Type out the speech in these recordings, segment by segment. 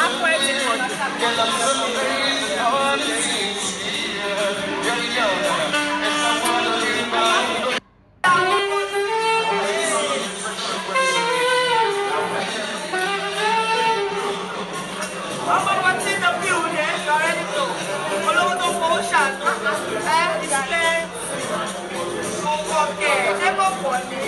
I'm waiting for you. Thank you.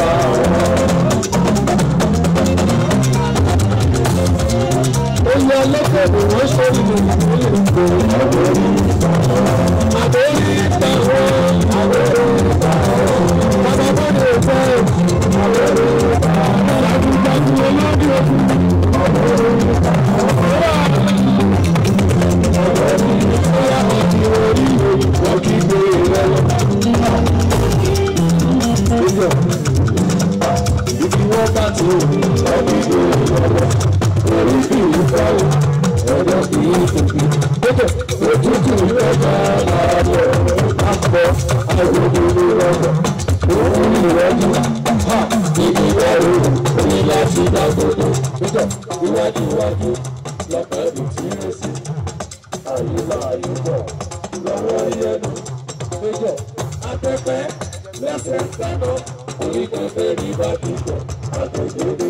Oyè ọlọ́pàá ni wọ́n ṣe ìrìn ìpínlẹ̀ Èkó. o ẹ̀rọ kì í tòkì kókò òtútù lọ́jà àárọ̀ àpọ̀ àgbègbè lọ́jà òun ìrọ́jú ha ìdí ìwọ̀rù ní láti dàgbòdo kókò iwájú iwájú lọ́pẹ́ ìtì rẹ̀ sí àyíká àyíkọ̀ lọ́wọ́ ìyẹnu kókò afẹ́fẹ́ lẹ́sẹ̀ sánà orí pẹpẹ ní bá dùn àgbègbè.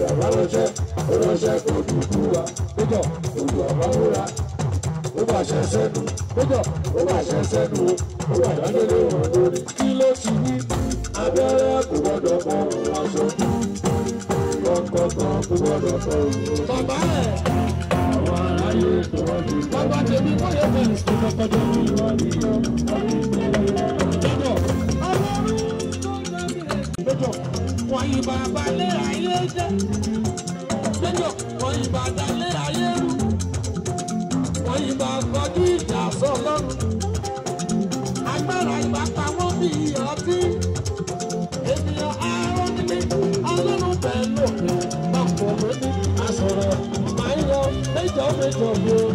odò ránṣẹ́ kò dùkú wa péjọ odò àbáwúra ó bàṣẹ sẹ́nu péjọ ó bàṣẹ sẹ́nu ó wà dádélé wọn lórí kí ló ti wí abẹ́rẹ́ kò gbọ́dọ̀ fọ wọn ṣojú kọ̀ọ̀kan kò gbọ́dọ̀ fọ wọn. bàbá ẹ̀ àwọn aráyé tó bàbá tèmi kò yẹ fẹ́ ìsìn kọ́kọ́ jẹ́ ní ọ́ ọ́ kọ̀yìn bàbá lé ayé jẹ́ méjò kọ̀yìn bàbá lé ayé rú kọ̀yìn bàbá kí ìjà sọ lọ́rùn agbára ìgbà pamọ́ bí ọtí ènìyàn arọ́ nílé ọlọ́run pẹ̀lú ọ̀pọ̀ ọ̀pọ̀ méjì àsọ̀rọ̀ máa ń yọ méjọ méjọ bó.